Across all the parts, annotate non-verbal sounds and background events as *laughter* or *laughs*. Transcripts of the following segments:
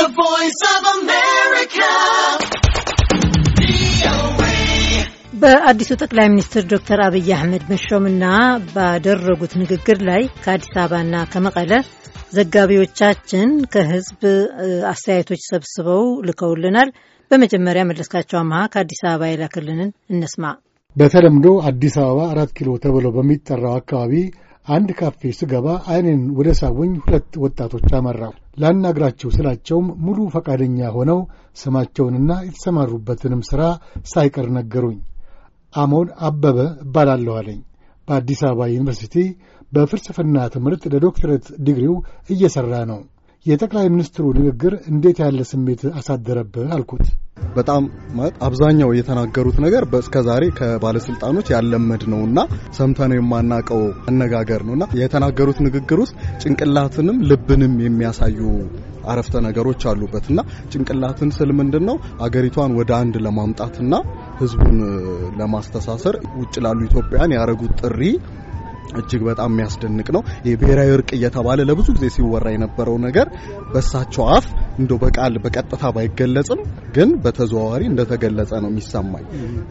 The Voice of America. በአዲሱ ጠቅላይ ሚኒስትር ዶክተር አብይ አህመድ መሾምና ባደረጉት ንግግር ላይ ከአዲስ አበባና ከመቀለ ዘጋቢዎቻችን ከህዝብ አስተያየቶች ሰብስበው ልከውልናል። በመጀመሪያ መለስካቸው አምሃ ከአዲስ አበባ የላክልንን እንስማ። በተለምዶ አዲስ አበባ አራት ኪሎ ተብሎ በሚጠራው አካባቢ አንድ ካፌ ስገባ አይኔን ወደ ሳቡኝ ሁለት ወጣቶች አመራው ላናግራቸው ስላቸውም ሙሉ ፈቃደኛ ሆነው ስማቸውንና የተሰማሩበትንም ሥራ ሳይቀር ነገሩኝ። አሞን አበበ እባላለሁ አለኝ። በአዲስ አበባ ዩኒቨርሲቲ በፍልስፍና ትምህርት ለዶክትሬት ዲግሪው እየሠራ ነው። የጠቅላይ ሚኒስትሩ ንግግር እንዴት ያለ ስሜት አሳደረብህ? አልኩት። በጣም ማለት አብዛኛው የተናገሩት ነገር እስከዛሬ ከባለስልጣኖች ያለመድ ነው እና ሰምተነው የማናቀው አነጋገር ነው እና የተናገሩት ንግግር ውስጥ ጭንቅላትንም ልብንም የሚያሳዩ አረፍተ ነገሮች አሉበት እና ጭንቅላትን ስል ምንድን ነው አገሪቷን ወደ አንድ ለማምጣትና ህዝቡን ለማስተሳሰር ውጭ ላሉ ኢትዮጵያን ያደረጉት ጥሪ እጅግ በጣም የሚያስደንቅ ነው። የብሔራዊ እርቅ እየተባለ ለብዙ ጊዜ ሲወራ የነበረው ነገር በእሳቸው አፍ እንደ በቃል በቀጥታ ባይገለጽም ግን በተዘዋዋሪ እንደተገለጸ ነው የሚሰማኝ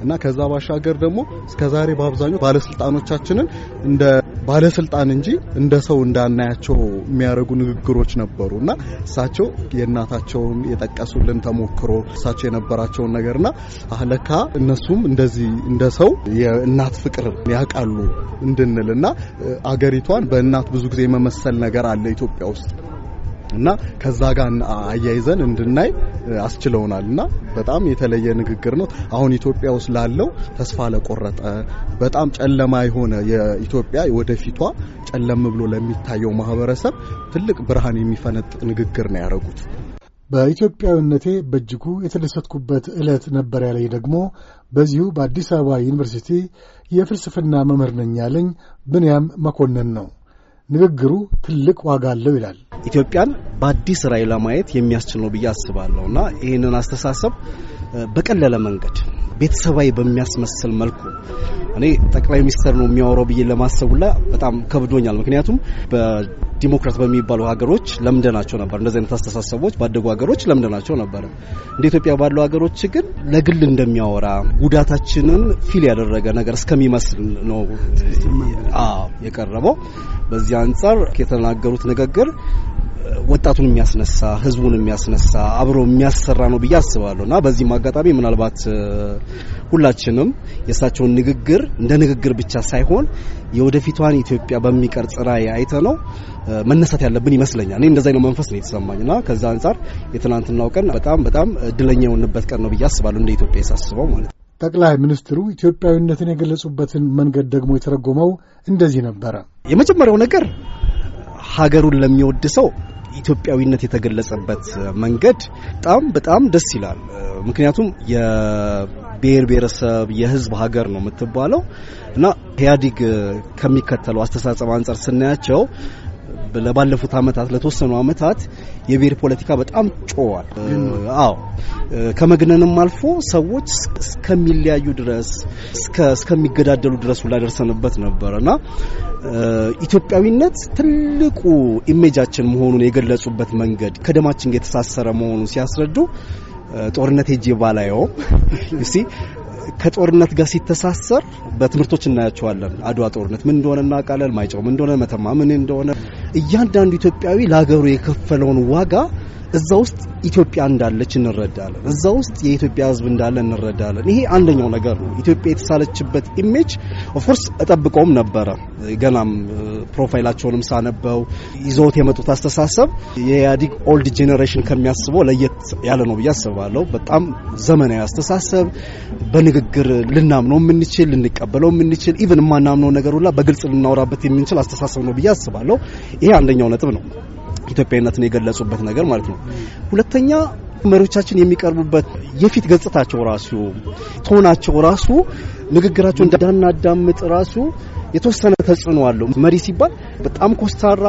እና ከዛ ባሻገር ደግሞ እስከዛሬ በአብዛኛው ባለስልጣኖቻችንን እንደ ባለስልጣን እንጂ እንደ ሰው እንዳናያቸው የሚያደርጉ ንግግሮች ነበሩ እና እሳቸው የእናታቸውን የጠቀሱልን ተሞክሮ እሳቸው የነበራቸውን ነገርና አለካ እነሱም እንደዚህ እንደ ሰው የእናት ፍቅር ያውቃሉ እንድንል እና አገሪቷን በእናት ብዙ ጊዜ የመመሰል ነገር አለ ኢትዮጵያ ውስጥ እና ከዛ ጋር አያይዘን እንድናይ አስችለውናል። እና በጣም የተለየ ንግግር ነው። አሁን ኢትዮጵያ ውስጥ ላለው ተስፋ ለቆረጠ በጣም ጨለማ የሆነ የኢትዮጵያ ወደፊቷ ጨለም ብሎ ለሚታየው ማህበረሰብ ትልቅ ብርሃን የሚፈነጥ ንግግር ነው ያደረጉት። በኢትዮጵያዊነቴ በእጅጉ የተደሰትኩበት ዕለት ነበር ያለኝ ደግሞ በዚሁ በአዲስ አበባ ዩኒቨርሲቲ የፍልስፍና መምህር ነኝ ያለኝ ብንያም መኮንን ነው። ንግግሩ ትልቅ ዋጋ አለው ይላል። ኢትዮጵያን በአዲስ ራዕይ ለማየት የሚያስችል ነው ብዬ አስባለሁ እና ይህንን አስተሳሰብ በቀለለ መንገድ ቤተሰባዊ በሚያስመስል መልኩ እኔ ጠቅላይ ሚኒስትር ነው የሚያወራው ብዬ ለማሰቡላ በጣም ከብዶኛል። ምክንያቱም በዲሞክራት በሚባሉ ሀገሮች ለምደናቸው ነበር፣ እንደዚህ አይነት አስተሳሰቦች ባደጉ ሀገሮች ለምደናቸው ነበር። እንደ ኢትዮጵያ ባሉ ሀገሮች ግን ለግል እንደሚያወራ ጉዳታችንን ፊል ያደረገ ነገር እስከሚመስል ነው የቀረበው። በዚህ አንጻር የተናገሩት ንግግር ወጣቱን የሚያስነሳ ህዝቡን የሚያስነሳ አብሮ የሚያሰራ ነው ብዬ አስባለሁ እና በዚህም አጋጣሚ ምናልባት ሁላችንም የእሳቸውን ንግግር እንደ ንግግር ብቻ ሳይሆን የወደፊቷን ኢትዮጵያ በሚቀርጽ ራዕይ አይተ ነው መነሳት ያለብን ይመስለኛል። እኔ እንደዛ ነው መንፈስ ነው የተሰማኝ እና ከዛ አንጻር የትናንትናው ቀን በጣም በጣም እድለኛ የሆንበት ቀን ነው ብዬ አስባለሁ እንደ ኢትዮጵያ የሳስበው ማለት ነው። ጠቅላይ ሚኒስትሩ ኢትዮጵያዊነትን የገለጹበትን መንገድ ደግሞ የተረጎመው እንደዚህ ነበረ። የመጀመሪያው ነገር ሀገሩን ለሚወድ ሰው ኢትዮጵያዊነት የተገለጸበት መንገድ በጣም በጣም ደስ ይላል። ምክንያቱም የብሔር ብሔረሰብ የህዝብ ሀገር ነው የምትባለው እና ኢህአዲግ ከሚከተለው አስተሳሰብ አንጻር ስናያቸው ለባለፉት አመታት ለተወሰኑ አመታት የብሔር ፖለቲካ በጣም ጮዋል። አዎ ከመግነንም አልፎ ሰዎች እስከሚለያዩ ድረስ እስከሚገዳደሉ ድረስ ሁላ ደርሰንበት ነበር እና ኢትዮጵያዊነት ትልቁ ኢሜጃችን መሆኑን የገለጹበት መንገድ ከደማችን የተሳሰረ መሆኑን ሲያስረዱ ጦርነት ሄጄ ባላየው *laughs* ከጦርነት ጋር ሲተሳሰር በትምህርቶች እናያቸዋለን። አድዋ ጦርነት ምን እንደሆነ እናውቃለን። ማይጨው ምን እንደሆነ፣ መተማ ምን እንደሆነ እያንዳንዱ ኢትዮጵያዊ ለሀገሩ የከፈለውን ዋጋ እዛ ውስጥ ኢትዮጵያ እንዳለች እንረዳለን። እዛ ውስጥ የኢትዮጵያ ሕዝብ እንዳለ እንረዳለን። ይሄ አንደኛው ነገር ነው። ኢትዮጵያ የተሳለችበት ኢሜጅ ኦፍኮርስ እጠብቀውም ነበረ። ገናም ፕሮፋይላቸውንም ሳነበው ይዘውት የመጡት አስተሳሰብ የኢህአዲግ ኦልድ ጄኔሬሽን ከሚያስበው ለየት ያለ ነው ብዬ አስባለሁ። በጣም ዘመናዊ አስተሳሰብ፣ በንግግር ልናምነው የምንችል ልንቀበለው የምንችል ኢቨን የማናምነው ነገር ሁላ በግልጽ ልናወራበት የምንችል አስተሳሰብ ነው ብዬ አስባለሁ። ይሄ አንደኛው ነጥብ ነው። ኢትዮጵያዊነትን የገለጹበት ነገር ማለት ነው። ሁለተኛ መሪዎቻችን የሚቀርቡበት የፊት ገጽታቸው ራሱ ቶናቸው ራሱ ንግግራቸው እንዳናዳምጥ ራሱ የተወሰነ ተጽዕኖ አለው። መሪ ሲባል በጣም ኮስታራ፣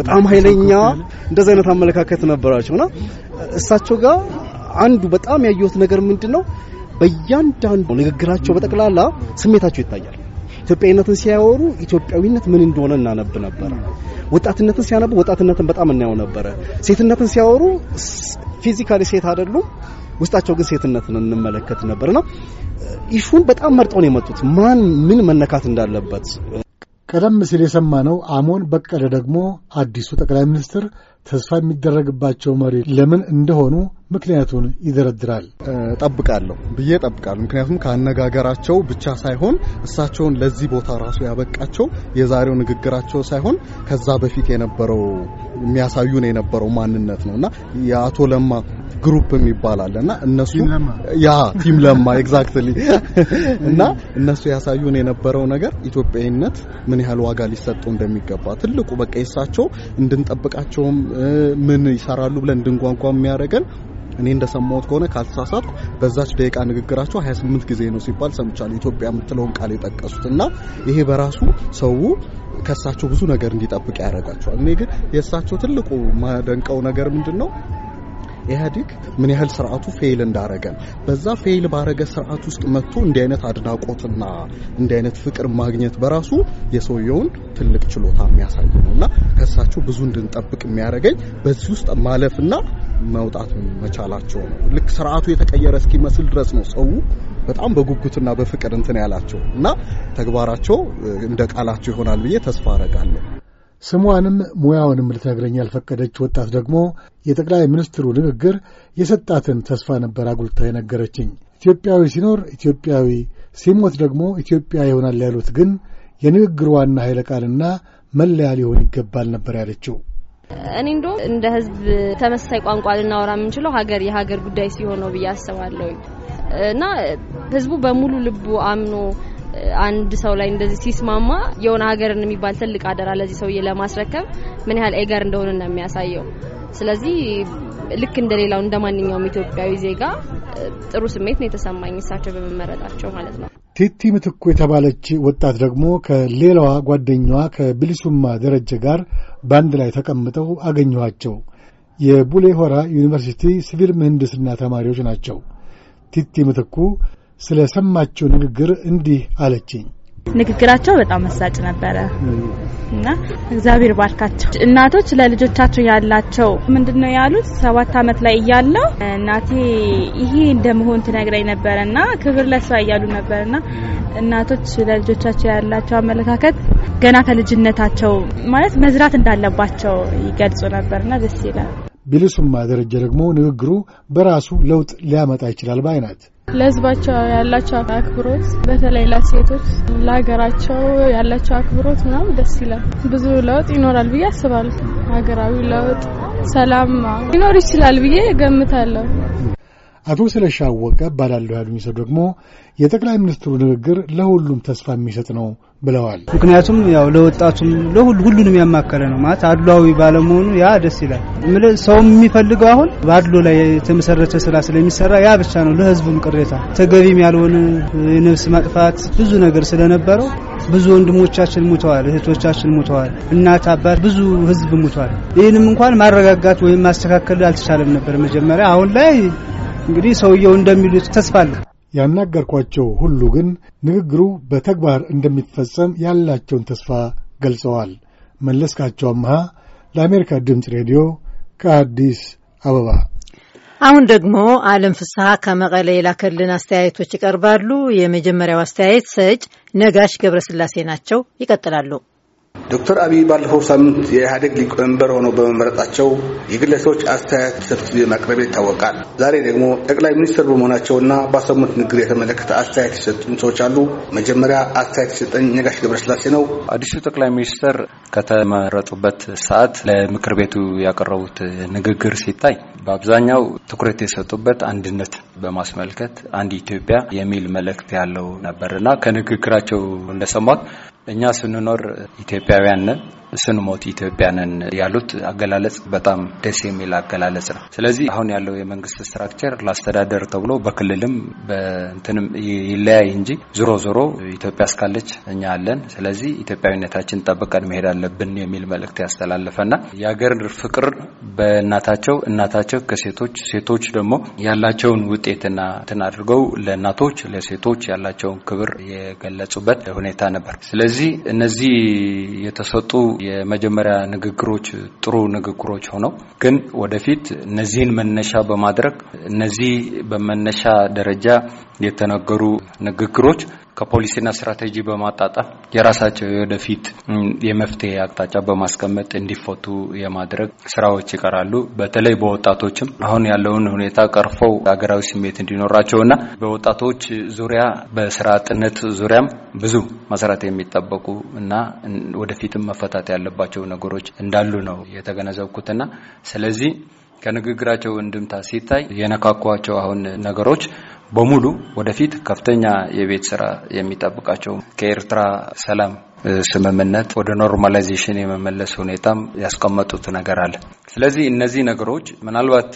በጣም ኃይለኛ እንደዚህ አይነት አመለካከት ነበራቸው ና እሳቸው ጋር አንዱ በጣም ያየሁት ነገር ምንድነው በእያንዳንዱ ንግግራቸው በጠቅላላ ስሜታቸው ይታያል። ኢትዮጵያዊነትን ሲያወሩ ኢትዮጵያዊነት ምን እንደሆነ እናነብ ነበረ። ወጣትነትን ሲያነቡ ወጣትነትን በጣም እናየው ነበረ። ሴትነትን ሲያወሩ ፊዚካሊ ሴት አይደሉም፣ ውስጣቸው ግን ሴትነትን እንመለከት ነበርና ኢሹን በጣም መርጠው ነው የመጡት ማን ምን መነካት እንዳለበት ቀደም ሲል የሰማነው አሞን በቀለ ደግሞ አዲሱ ጠቅላይ ሚኒስትር ተስፋ የሚደረግባቸው መሪ ለምን እንደሆኑ ምክንያቱን ይደረድራል። ጠብቃለሁ ብዬ ጠብቃለሁ። ምክንያቱም ከአነጋገራቸው ብቻ ሳይሆን እሳቸውን ለዚህ ቦታ ራሱ ያበቃቸው የዛሬው ንግግራቸው ሳይሆን ከዛ በፊት የነበረው የሚያሳዩን የነበረው ማንነት ነው እና የአቶ ለማ ግሩፕ ይባላል እና እነሱ ያ ቲም ለማ ኤግዛክትሊ እና እነሱ ያሳዩን የነበረው ነገር ኢትዮጵያዊነት ምን ያህል ዋጋ ሊሰጠው እንደሚገባ ትልቁ በቃ የሳቸው እንድንጠብቃቸውም ምን ይሰራሉ ብለን እንድንጓንጓ የሚያደርገን እኔ እንደሰማሁት ከሆነ ካልተሳሳትኩ በዛች ደቂቃ ንግግራቸው 28 ጊዜ ነው ሲባል ሰምቻለሁ። ኢትዮጵያ የምትለውን ቃል የጠቀሱት እና ይሄ በራሱ ሰው ከእሳቸው ብዙ ነገር እንዲጠብቅ ያደርጋቸዋል። እኔ ግን የእሳቸው ትልቁ ማደንቀው ነገር ምንድን ነው ኢህአዴግ ምን ያህል ስርዓቱ ፌይል እንዳረገን በዛ ፌይል ባረገ ስርዓት ውስጥ መጥቶ እንዲህ አይነት አድናቆትና እንዲህ አይነት ፍቅር ማግኘት በራሱ የሰውየውን ትልቅ ችሎታ የሚያሳይ ነው እና ከሳቸው ብዙ እንድንጠብቅ የሚያደርገኝ በዚህ ውስጥ ማለፍና መውጣት መቻላቸው ነው። ልክ ስርዓቱ የተቀየረ እስኪመስል ድረስ ነው ሰው በጣም በጉጉትና በፍቅር እንትን ያላቸው እና ተግባራቸው እንደ ቃላቸው ይሆናል ብዬ ተስፋ አረጋለሁ። ስሟንም ሙያውንም ልትነግረኝ ያልፈቀደች ወጣት ደግሞ የጠቅላይ ሚኒስትሩ ንግግር የሰጣትን ተስፋ ነበር አጉልታ የነገረችኝ። ኢትዮጵያዊ ሲኖር ኢትዮጵያዊ ሲሞት ደግሞ ኢትዮጵያ ይሆናል ያሉት ግን የንግግር ዋና ኃይለ ቃልና መለያ ሊሆን ይገባል ነበር ያለችው። እኔ እንደውም እንደ ህዝብ ተመሳሳይ ቋንቋ ልናወራ የምንችለው ሀገር የሀገር ጉዳይ ሲሆን ነው ብዬ አስባለሁ እና ህዝቡ በሙሉ ልቡ አምኖ አንድ ሰው ላይ እንደዚህ ሲስማማ የሆነ ሀገርን የሚባል ትልቅ አደራ ለዚህ ሰውዬ ለማስረከብ ምን ያህል ኤገር እንደሆነ ነው የሚያሳየው። ስለዚህ ልክ እንደሌላው እንደ ማንኛውም ኢትዮጵያዊ ዜጋ ጥሩ ስሜት ነው የተሰማኝ እሳቸው በመመረጣቸው ማለት ነው። ቲቲ ምትኩ የተባለች ወጣት ደግሞ ከሌላዋ ጓደኛዋ ከቢልሱማ ደረጀ ጋር በአንድ ላይ ተቀምጠው አገኘኋቸው። የቡሌ ሆራ ዩኒቨርሲቲ ሲቪል ምህንድስና ተማሪዎች ናቸው። ቲቲ ምትኩ ስለ ሰማችው ንግግር እንዲህ አለችኝ። ንግግራቸው በጣም መሳጭ ነበረ እና እግዚአብሔር ባርካቸው እናቶች ለልጆቻቸው ያላቸው ምንድን ነው ያሉት። ሰባት አመት ላይ እያለው እናቴ ይሄ እንደመሆን ትነግረኝ ነበረ እና ክብር ለሷ እያሉ ነበር እና እናቶች ለልጆቻቸው ያላቸው አመለካከት ገና ከልጅነታቸው ማለት መዝራት እንዳለባቸው ይገልጹ ነበርና ደስ ይላል። ቢልሱማ ደረጀ ደግሞ ንግግሩ በራሱ ለውጥ ሊያመጣ ይችላል ባይ ናት። ለህዝባቸው ያላቸው አክብሮት፣ በተለይ ለሴቶች ለሀገራቸው ያላቸው አክብሮት ምናምን ደስ ይላል። ብዙ ለውጥ ይኖራል ብዬ አስባለሁ። ሀገራዊ ለውጥ፣ ሰላም ሊኖር ይችላል ብዬ ገምታለሁ። አቶ ስለሻወቀ አወቀ እባላለሁ ያሉኝ ሰው ደግሞ የጠቅላይ ሚኒስትሩ ንግግር ለሁሉም ተስፋ የሚሰጥ ነው ብለዋል። ምክንያቱም ያው ለወጣቱም ለሁሉ ሁሉንም ያማከለ ነው ማለት አድሏዊ ባለመሆኑ ያ ደስ ይላል። ሰው የሚፈልገው አሁን በአድሎ ላይ የተመሰረተ ስራ ስለሚሰራ ያ ብቻ ነው። ለህዝቡም ቅሬታ ተገቢም ያልሆነ የነፍስ ማጥፋት ብዙ ነገር ስለነበረው ብዙ ወንድሞቻችን ሙተዋል፣ እህቶቻችን ሙተዋል፣ እናት አባት፣ ብዙ ህዝብ ሙተዋል። ይህንም እንኳን ማረጋጋት ወይም ማስተካከል አልተቻለም ነበር መጀመሪያ አሁን ላይ እንግዲህ ሰውየው እንደሚሉት ተስፋ አለ። ያናገርኳቸው ሁሉ ግን ንግግሩ በተግባር እንደሚፈጸም ያላቸውን ተስፋ ገልጸዋል። መለስካቸው አምሃ ለአሜሪካ ድምፅ ሬዲዮ ከአዲስ አበባ። አሁን ደግሞ አለም ፍስሐ ከመቀለ የላከልን አስተያየቶች ይቀርባሉ። የመጀመሪያው አስተያየት ሰጭ ነጋሽ ገብረስላሴ ናቸው። ይቀጥላሉ። ዶክተር አብይ ባለፈው ሳምንት የኢህአዴግ ሊቀመንበር ሆነው በመመረጣቸው የግለሰቦች አስተያየት ሰብስቤ ማቅረብ ይታወቃል። ዛሬ ደግሞ ጠቅላይ ሚኒስትር በመሆናቸውና ባሰሙት ንግግር የተመለከተ አስተያየት የሰጡን ሰዎች አሉ። መጀመሪያ አስተያየት የሰጠኝ ነጋሽ ገብረስላሴ ነው። አዲሱ ጠቅላይ ሚኒስትር ከተመረጡበት ሰዓት ለምክር ቤቱ ያቀረቡት ንግግር ሲታይ በአብዛኛው ትኩረት የሰጡበት አንድነት በማስመልከት አንድ ኢትዮጵያ የሚል መልእክት ያለው ነበርና ከንግግራቸው እንደሰማት እኛ ስንኖር ኢትዮጵያውያን ነን። ስንሞት ኢትዮጵያንን ያሉት አገላለጽ በጣም ደስ የሚል አገላለጽ ነው። ስለዚህ አሁን ያለው የመንግስት ስትራክቸር ለአስተዳደር ተብሎ በክልልም በእንትንም ይለያይ እንጂ ዞሮ ዞሮ ኢትዮጵያ እስካለች እኛ አለን። ስለዚህ ኢትዮጵያዊነታችን ጠብቀን መሄድ አለብን የሚል መልእክት ያስተላለፈና የሀገር ፍቅር በእናታቸው እናታቸው ከሴቶች ሴቶች ደግሞ ያላቸውን ውጤትና እንትን አድርገው ለእናቶች ለሴቶች ያላቸውን ክብር የገለጹበት ሁኔታ ነበር። ስለዚህ እነዚህ የተሰጡ የመጀመሪያ ንግግሮች ጥሩ ንግግሮች ሆነው ግን ወደፊት እነዚህን መነሻ በማድረግ እነዚህ በመነሻ ደረጃ የተነገሩ ንግግሮች ከፖሊሲና ስትራቴጂ በማጣጣም የራሳቸው የወደፊት የመፍትሄ አቅጣጫ በማስቀመጥ እንዲፈቱ የማድረግ ስራዎች ይቀራሉ። በተለይ በወጣቶችም አሁን ያለውን ሁኔታ ቀርፈው ሀገራዊ ስሜት እንዲኖራቸውና በወጣቶች ዙሪያ በስራ አጥነት ዙሪያም ብዙ መስራት የሚጠበቁ እና ወደፊትም መፈታት ያለባቸው ነገሮች እንዳሉ ነው የተገነዘብኩትና ስለዚህ ከንግግራቸው እንድምታ ሲታይ የነካኳቸው አሁን ነገሮች በሙሉ ወደፊት ከፍተኛ የቤት ስራ የሚጠብቃቸው ከኤርትራ ሰላም ስምምነት ወደ ኖርማላይዜሽን የመመለስ ሁኔታም ያስቀመጡት ነገር አለ። ስለዚህ እነዚህ ነገሮች ምናልባት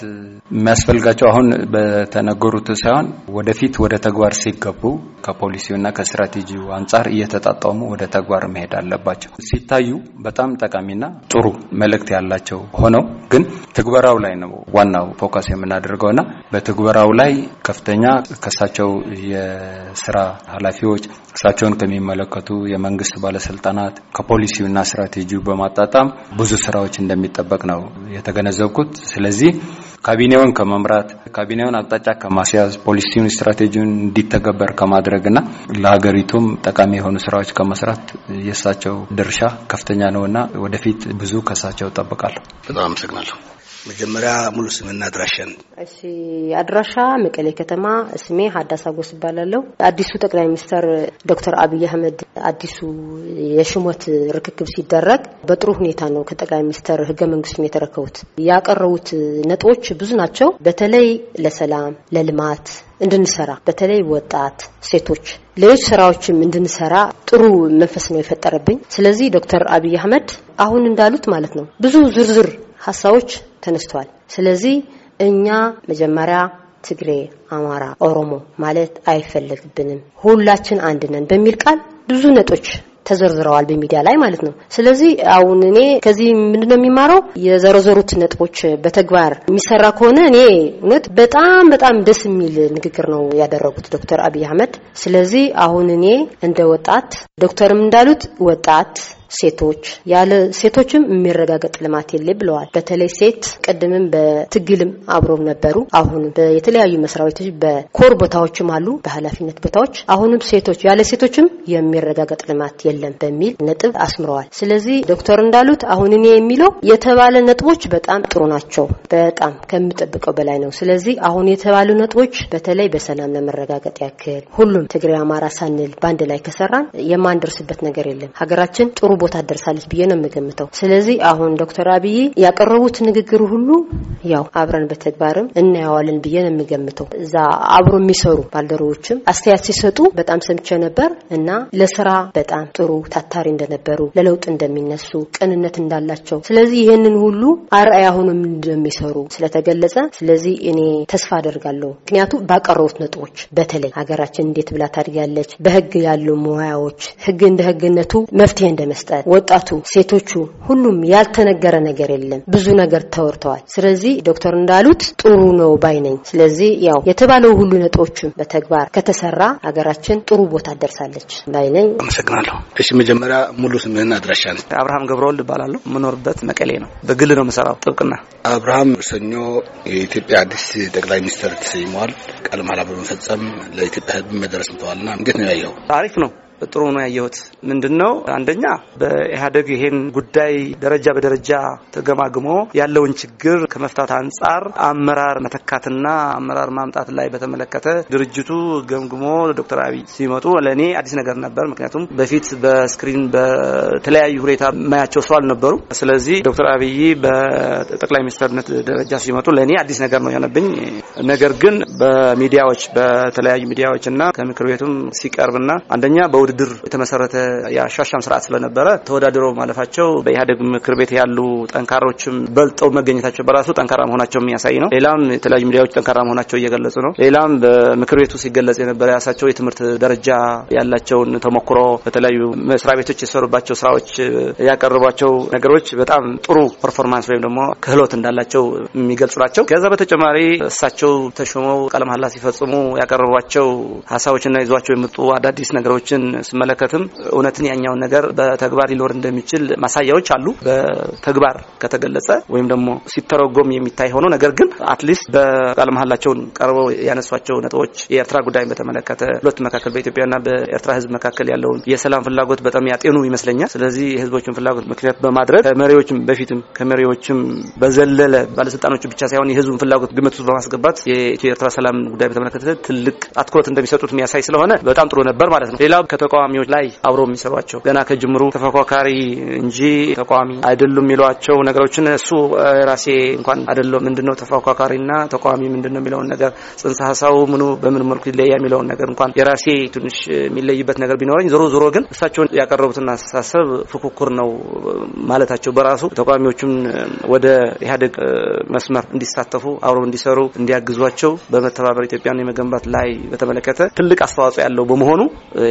የሚያስፈልጋቸው አሁን በተነገሩት ሳይሆን ወደፊት ወደ ተግባር ሲገቡ ከፖሊሲውና ከስትራቴጂው አንጻር እየተጣጣሙ ወደ ተግባር መሄድ አለባቸው። ሲታዩ በጣም ጠቃሚና ጥሩ መልእክት ያላቸው ሆነው ግን ትግበራው ላይ ነው ዋናው ፎከስ የምናደርገውና በትግበራው ላይ ከፍተኛ ከእሳቸው የስራ ኃላፊዎች እሳቸውን ከሚመለከቱ የመንግስት ባለስልጣናት ና ስትራቴጂው በማጣጣም ብዙ ስራዎች እንደሚጠበቅ ነው የተገነዘብኩት። ስለዚህ ካቢኔውን ከመምራት ካቢኔውን አቅጣጫ ከማስያዝ ፖሊሲውን፣ ስትራቴጂውን እንዲተገበር ከማድረግና ለሀገሪቱም ጠቃሚ የሆኑ ስራዎች ከመስራት የእሳቸው ድርሻ ከፍተኛ ነውና ወደፊት ብዙ ከእሳቸው እጠብቃለሁ። በጣም አመሰግናለሁ። መጀመሪያ ሙሉ ስምና አድራሻን። እሺ፣ አድራሻ መቀሌ ከተማ። ስሜ ሀዳስ አጎስ ይባላለሁ። አዲሱ ጠቅላይ ሚኒስተር ዶክተር አብይ አህመድ አዲሱ የሹመት ርክክብ ሲደረግ በጥሩ ሁኔታ ነው ከጠቅላይ ሚኒስተር ህገ መንግስቱን የተረከቡት። ያቀረቡት ነጥቦች ብዙ ናቸው። በተለይ ለሰላም ለልማት እንድንሰራ በተለይ ወጣት ሴቶች፣ ሌሎች ስራዎችም እንድንሰራ ጥሩ መንፈስ ነው የፈጠረብኝ። ስለዚህ ዶክተር አብይ አህመድ አሁን እንዳሉት ማለት ነው ብዙ ዝርዝር ሀሳቦች ተነስቷል። ስለዚህ እኛ መጀመሪያ ትግሬ፣ አማራ፣ ኦሮሞ ማለት አይፈለግብንም ሁላችን አንድ ነን በሚል ቃል ብዙ ነጦች ተዘርዝረዋል በሚዲያ ላይ ማለት ነው። ስለዚህ አሁን እኔ ከዚህ ምንድን ነው የሚማረው? የዘረዘሩት ነጥቦች በተግባር የሚሰራ ከሆነ እኔ እውነት በጣም በጣም ደስ የሚል ንግግር ነው ያደረጉት ዶክተር አብይ አህመድ። ስለዚህ አሁን እኔ እንደ ወጣት ዶክተርም እንዳሉት ወጣት ሴቶች ያለ ሴቶችም የሚረጋገጥ ልማት የለ ብለዋል። በተለይ ሴት ቅድምም በትግልም አብሮም ነበሩ። አሁን የተለያዩ መስሪያ ቤቶች በኮር ቦታዎችም አሉ፣ በኃላፊነት ቦታዎች አሁንም ሴቶች ያለ ሴቶችም የሚረጋገጥ ልማት የለም በሚል ነጥብ አስምረዋል። ስለዚህ ዶክተር እንዳሉት አሁን እኔ የሚለው የተባለ ነጥቦች በጣም ጥሩ ናቸው። በጣም ከምጠብቀው በላይ ነው። ስለዚህ አሁን የተባሉ ነጥቦች በተለይ በሰላም ለመረጋገጥ ያክል ሁሉም ትግራይ፣ አማራ ሳንል በአንድ ላይ ከሰራን የማንደርስበት ነገር የለም። ሀገራችን ጥሩ ቦታ ደርሳለች ብዬ ነው የምገምተው። ስለዚህ አሁን ዶክተር አብይ ያቀረቡት ንግግር ሁሉ ያው አብረን በተግባርም እናየዋለን ብዬ ነው የምገምተው። እዛ አብሮ የሚሰሩ ባልደረቦችም አስተያየት ሲሰጡ በጣም ሰምቼ ነበር እና ለስራ በጣም ጥሩ ታታሪ እንደነበሩ፣ ለለውጥ እንደሚነሱ፣ ቅንነት እንዳላቸው ስለዚህ ይህንን ሁሉ አርአያ ሆኖም እንደሚሰሩ ስለተገለጸ ስለዚህ እኔ ተስፋ አደርጋለሁ። ምክንያቱ ባቀረቡት ነጥቦች በተለይ ሀገራችን እንዴት ብላ ታድጋለች፣ በህግ ያሉ ሙያዎች ህግ እንደ ህግነቱ መፍትሄ እንደመስ መስጠት፣ ወጣቱ፣ ሴቶቹ፣ ሁሉም ያልተነገረ ነገር የለም። ብዙ ነገር ተወርተዋል። ስለዚህ ዶክተር እንዳሉት ጥሩ ነው ባይ ነኝ። ስለዚህ ያው የተባለው ሁሉ ነጥቦችም በተግባር ከተሰራ ሀገራችን ጥሩ ቦታ ደርሳለች ባይ ነኝ። አመሰግናለሁ። እሺ፣ መጀመሪያ ሙሉ ስምህን አድራሻ። አብርሃም ገብረወልድ እባላለሁ። የምኖርበት መቀሌ ነው። በግል ነው የምሰራው ጥብቅና። አብርሃም ሰኞ የኢትዮጵያ አዲስ ጠቅላይ ሚኒስትር ተሰይመዋል። ቃለ መሃላ በመፈጸም ለኢትዮጵያ ህዝብ መደረስ ምተዋልና እንዴት ነው ያየው? አሪፍ ነው። ጥሩ ነው ያየሁት። ምንድን ነው አንደኛ በኢህአደግ ይሄን ጉዳይ ደረጃ በደረጃ ተገማግሞ ያለውን ችግር ከመፍታት አንጻር አመራር መተካትና አመራር ማምጣት ላይ በተመለከተ ድርጅቱ ገምግሞ ዶክተር አብይ ሲመጡ ለእኔ አዲስ ነገር ነበር። ምክንያቱም በፊት በስክሪን በተለያዩ ሁኔታ ማያቸው ሰው አልነበሩ። ስለዚህ ዶክተር አብይ በጠቅላይ ሚኒስትርነት ደረጃ ሲመጡ ለእኔ አዲስ ነገር ነው የሆነብኝ። ነገር ግን በሚዲያዎች በተለያዩ ሚዲያዎች እና ከምክር ቤቱም ሲቀርብና አንደኛ በ በውድድር የተመሰረተ የአሻሻም ስርዓት ስለነበረ ተወዳድሮ ማለፋቸው በኢህአዴግ ምክር ቤት ያሉ ጠንካሮችም በልጠው መገኘታቸው በራሱ ጠንካራ መሆናቸው የሚያሳይ ነው። ሌላም የተለያዩ ሚዲያዎች ጠንካራ መሆናቸው እየገለጹ ነው። ሌላም በምክር ቤቱ ሲገለጽ የነበረ ያሳቸው የትምህርት ደረጃ ያላቸውን ተሞክሮ በተለያዩ መስሪያ ቤቶች የሰሩባቸው ስራዎች ያቀረቧቸው ነገሮች በጣም ጥሩ ፐርፎርማንስ ወይም ደግሞ ክህሎት እንዳላቸው የሚገልጹ ናቸው። ከዛ በተጨማሪ እሳቸው ተሾመው ቃለ መሐላ ሲፈጽሙ ያቀረቧቸው ሀሳቦችና ይዟቸው የመጡ አዳዲስ ነገሮችን ስመለከትም እውነትን ያኛውን ነገር በተግባር ሊኖር እንደሚችል ማሳያዎች አሉ። በተግባር ከተገለጸ ወይም ደግሞ ሲተረጎም የሚታይ ሆኖ ነገር ግን አትሊስት በቃለ መሀላቸውን ቀርበው ያነሷቸው ነጥቦች የኤርትራ ጉዳይ በተመለከተ ሁለት መካከል በኢትዮጵያና በኤርትራ ህዝብ መካከል ያለውን የሰላም ፍላጎት በጣም ያጤኑ ይመስለኛል። ስለዚህ የህዝቦችን ፍላጎት ምክንያት በማድረግ ከመሪዎችም በፊትም ከመሪዎችም በዘለለ ባለስልጣኖች ብቻ ሳይሆን የህዝቡን ፍላጎት ግምት ውስጥ በማስገባት የኢትዮ ኤርትራ ሰላም ጉዳይ በተመለከተ ትልቅ አትኩሮት እንደሚሰጡት የሚያሳይ ስለሆነ በጣም ጥሩ ነበር ማለት ነው። ሌላው ተቃዋሚዎች ላይ አብሮ የሚሰሯቸው ገና ከጅምሩ ተፎካካሪ እንጂ ተቃዋሚ አይደሉም የሚሏቸው ነገሮችን እሱ ራሴ እንኳን አይደለም ምንድነው ተፎካካሪና ተቃዋሚ ምንድነው የሚለውን ነገር ጽንሰ ሀሳቡ ምኑ በምን መልኩ ይለያ የሚለውን ነገር እንኳን የራሴ ትንሽ የሚለይበት ነገር ቢኖረኝ ዞሮ ዞሮ ግን እሳቸውን ያቀረቡትን አስተሳሰብ ፉክክር ነው ማለታቸው በራሱ ተቃዋሚዎቹም ወደ ኢህአዴግ መስመር እንዲሳተፉ አብረው እንዲሰሩ እንዲያግዟቸው በመተባበር ኢትዮጵያን የመገንባት ላይ በተመለከተ ትልቅ አስተዋጽኦ ያለው በመሆኑ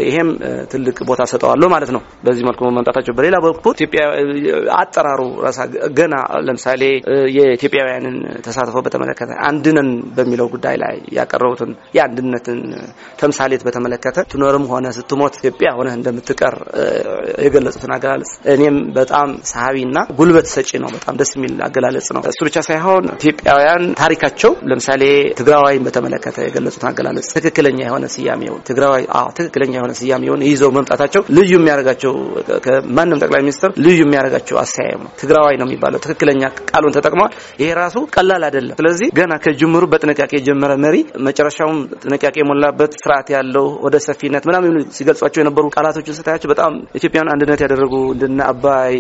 ይሄም ትልቅ ቦታ ሰጠዋለሁ ማለት ነው። በዚህ መልኩ መምጣታቸው። በሌላ በኩል ኢትዮጵያ አጠራሩ ራሳ ገና ለምሳሌ የኢትዮጵያውያንን ተሳትፎ በተመለከተ አንድነን በሚለው ጉዳይ ላይ ያቀረቡትን የአንድነትን ተምሳሌት በተመለከተ ትኖርም ሆነ ስትሞት ኢትዮጵያ ሆነ እንደምትቀር የገለጹትን አገላለጽ እኔም በጣም ሳቢና ጉልበት ሰጪ ነው። በጣም ደስ የሚል አገላለጽ ነው። እሱ ብቻ ሳይሆን ኢትዮጵያውያን ታሪካቸው ለምሳሌ ትግራዋይን በተመለከተ የገለጹትን አገላለጽ ትክክለኛ የሆነ ስያሜው ትግራዋይ፣ አዎ ትክክለኛ የሆነ ስያሜው ራሳቸውን ይዘው መምጣታቸው ልዩ የሚያደርጋቸው ከማንም ጠቅላይ ሚኒስትር ልዩ የሚያደርጋቸው አስተያየም ነው። ትግራዋይ ነው የሚባለው ትክክለኛ ቃሉን ተጠቅመዋል። ይሄ ራሱ ቀላል አይደለም። ስለዚህ ገና ከጅምሩ በጥንቃቄ የጀመረ መሪ መጨረሻውም ጥንቃቄ የሞላበት ስርዓት ያለው ወደ ሰፊነት ምናምን ሲገልጿቸው የነበሩ ቃላቶችን ስታያቸው በጣም ኢትዮጵያን አንድነት ያደረጉ እንደነ አባይ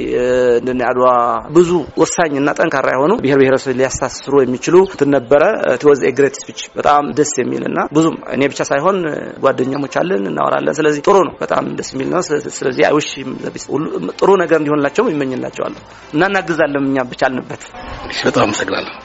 እንደነ አድዋ ብዙ ወሳኝና ጠንካራ የሆኑ ብሔር ብሔረሰብ ሊያስተሳስሩ የሚችሉ ነበረ። ቲወዝ ኤግሬት ስፒች በጣም ደስ የሚል እና ብዙም እኔ ብቻ ሳይሆን ጓደኛሞች አለን እናወራለን። ስለዚህ ጥሩ ነው። በጣም ደስ የሚል ነው። ስለዚህ አይውሽ ሁሉ ጥሩ ነገር እንዲሆንላቸው ይመኝላቸዋለሁ እና እናግዛለን እኛ ብቻ በጣም አመሰግናለሁ።